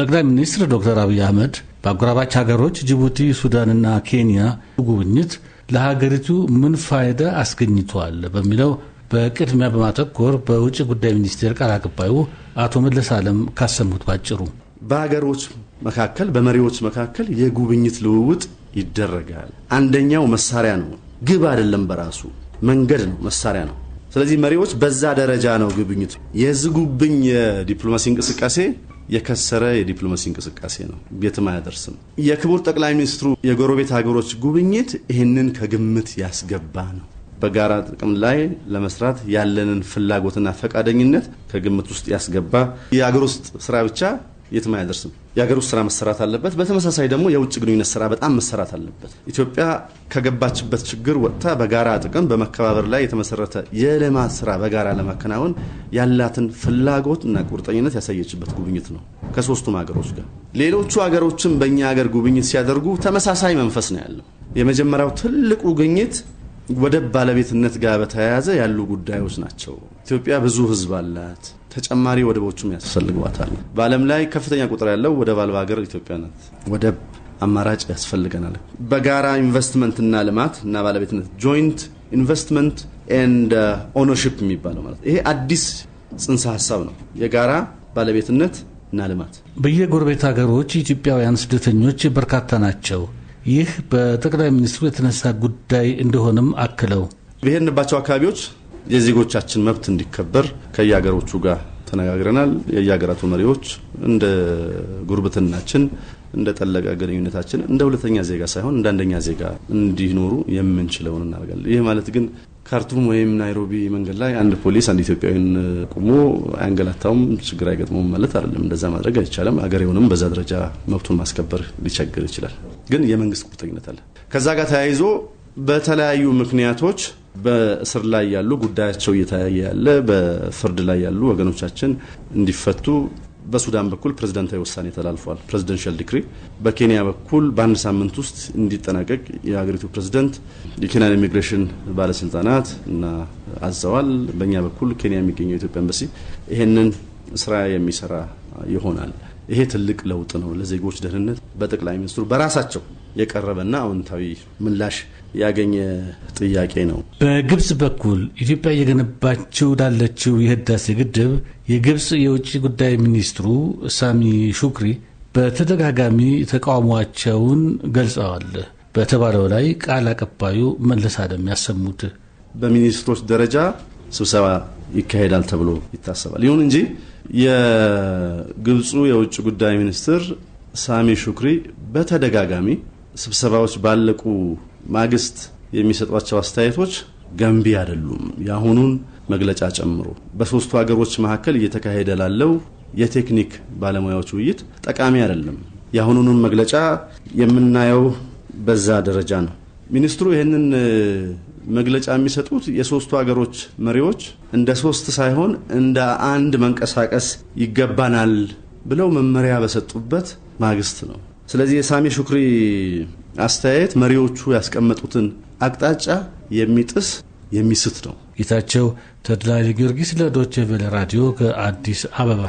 ጠቅላይ ሚኒስትር ዶክተር አብይ አህመድ በአጎራባች ሀገሮች ጅቡቲ፣ ሱዳንና ኬንያ ጉብኝት ለሀገሪቱ ምን ፋይዳ አስገኝቷል በሚለው በቅድሚያ በማተኮር በውጭ ጉዳይ ሚኒስቴር ቃል አቀባዩ አቶ መለስ አለም ካሰሙት ባጭሩ በሀገሮች መካከል በመሪዎች መካከል የጉብኝት ልውውጥ ይደረጋል። አንደኛው መሳሪያ ነው፣ ግብ አይደለም በራሱ መንገድ ነው፣ መሳሪያ ነው። ስለዚህ መሪዎች በዛ ደረጃ ነው ጉብኝቱ። የዚህ ጉብኝ የዲፕሎማሲ እንቅስቃሴ የከሰረ የዲፕሎማሲ እንቅስቃሴ ነው፣ ቤትም አያደርስም። የክቡር ጠቅላይ ሚኒስትሩ የጎረቤት ሀገሮች ጉብኝት ይህንን ከግምት ያስገባ ነው። በጋራ ጥቅም ላይ ለመስራት ያለንን ፍላጎትና ፈቃደኝነት ከግምት ውስጥ ያስገባ የሀገር ውስጥ ስራ ብቻ የትም አያደርስም። የሀገር ውስጥ ስራ መሰራት አለበት። በተመሳሳይ ደግሞ የውጭ ግንኙነት ስራ በጣም መሰራት አለበት። ኢትዮጵያ ከገባችበት ችግር ወጥታ በጋራ ጥቅም፣ በመከባበር ላይ የተመሰረተ የልማት ስራ በጋራ ለማከናወን ያላትን ፍላጎት እና ቁርጠኝነት ያሳየችበት ጉብኝት ነው ከሶስቱም ሀገሮች ጋር። ሌሎቹ ሀገሮችም በእኛ ሀገር ጉብኝት ሲያደርጉ ተመሳሳይ መንፈስ ነው ያለው። የመጀመሪያው ትልቁ ግኝት ወደብ ባለቤትነት ጋር በተያያዘ ያሉ ጉዳዮች ናቸው። ኢትዮጵያ ብዙ ህዝብ አላት። ተጨማሪ ወደቦችም ያስፈልግባታል። በዓለም ላይ ከፍተኛ ቁጥር ያለው ወደብ አልባ ሀገር ኢትዮጵያ ናት። ወደብ አማራጭ ያስፈልገናል። በጋራ ኢንቨስትመንትና ልማት እና ባለቤትነት ጆይንት ኢንቨስትመንት ኤንድ ኦነርሺፕ የሚባለው ማለት ይሄ አዲስ ጽንሰ ሀሳብ ነው። የጋራ ባለቤትነት እና ልማት በየጎረቤት ሀገሮች ኢትዮጵያውያን ስደተኞች በርካታ ናቸው። ይህ በጠቅላይ ሚኒስትሩ የተነሳ ጉዳይ እንደሆነም አክለው በሄድንባቸው አካባቢዎች የዜጎቻችን መብት እንዲከበር ከየሀገሮቹ ጋር ተነጋግረናል። የየሀገራቱ መሪዎች እንደ ጉርብትናችን እንደ ጠለቀ ግንኙነታችን እንደ ሁለተኛ ዜጋ ሳይሆን እንደ አንደኛ ዜጋ እንዲኖሩ የምንችለውን እናደርጋለን። ይህ ማለት ግን ካርቱም ወይም ናይሮቢ መንገድ ላይ አንድ ፖሊስ አንድ ኢትዮጵያዊን ቁሞ አያንገላታውም፣ ችግር አይገጥመውም ማለት አይደለም። እንደዛ ማድረግ አይቻልም። አገሬውንም በዛ ደረጃ መብቱን ማስከበር ሊቸግር ይችላል። ግን የመንግስት ቁርጠኝነት አለ። ከዛ ጋር ተያይዞ በተለያዩ ምክንያቶች በእስር ላይ ያሉ ጉዳያቸው እየተያየ ያለ በፍርድ ላይ ያሉ ወገኖቻችን እንዲፈቱ በሱዳን በኩል ፕሬዝደንታዊ ውሳኔ ተላልፏል፣ ፕሬዚደንሻል ዲክሪ። በኬንያ በኩል በአንድ ሳምንት ውስጥ እንዲጠናቀቅ የሀገሪቱ ፕሬዝደንት የኬንያን ኢሚግሬሽን ባለስልጣናት እና አዘዋል። በእኛ በኩል ኬንያ የሚገኘው ኢትዮጵያ ኤምባሲ ይሄንን ስራ የሚሰራ ይሆናል። ይሄ ትልቅ ለውጥ ነው ለዜጎች ደህንነት በጠቅላይ ሚኒስትሩ በራሳቸው የቀረበና አዎንታዊ ምላሽ ያገኘ ጥያቄ ነው። በግብጽ በኩል ኢትዮጵያ እየገነባችው ላለችው የህዳሴ ግድብ የግብጽ የውጭ ጉዳይ ሚኒስትሩ ሳሚ ሹክሪ በተደጋጋሚ ተቃውሟቸውን ገልጸዋል። በተባለው ላይ ቃል አቀባዩ መለስ አደም ያሰሙት በሚኒስትሮች ደረጃ ስብሰባ ይካሄዳል ተብሎ ይታሰባል። ይሁን እንጂ የግብፁ የውጭ ጉዳይ ሚኒስትር ሳሚ ሹክሪ በተደጋጋሚ ስብሰባዎች ባለቁ ማግስት የሚሰጧቸው አስተያየቶች ገንቢ አይደሉም። የአሁኑን መግለጫ ጨምሮ በሶስቱ ሀገሮች መካከል እየተካሄደ ላለው የቴክኒክ ባለሙያዎች ውይይት ጠቃሚ አይደለም። የአሁኑንም መግለጫ የምናየው በዛ ደረጃ ነው። ሚኒስትሩ ይህንን መግለጫ የሚሰጡት የሶስቱ ሀገሮች መሪዎች እንደ ሶስት ሳይሆን እንደ አንድ መንቀሳቀስ ይገባናል ብለው መመሪያ በሰጡበት ማግስት ነው። ስለዚህ የሳሚ ሹክሪ አስተያየት መሪዎቹ ያስቀመጡትን አቅጣጫ የሚጥስ የሚስት ነው። ጌታቸው ተድላ ጊዮርጊስ ለዶቼ ቬለ ራዲዮ ከአዲስ አበባ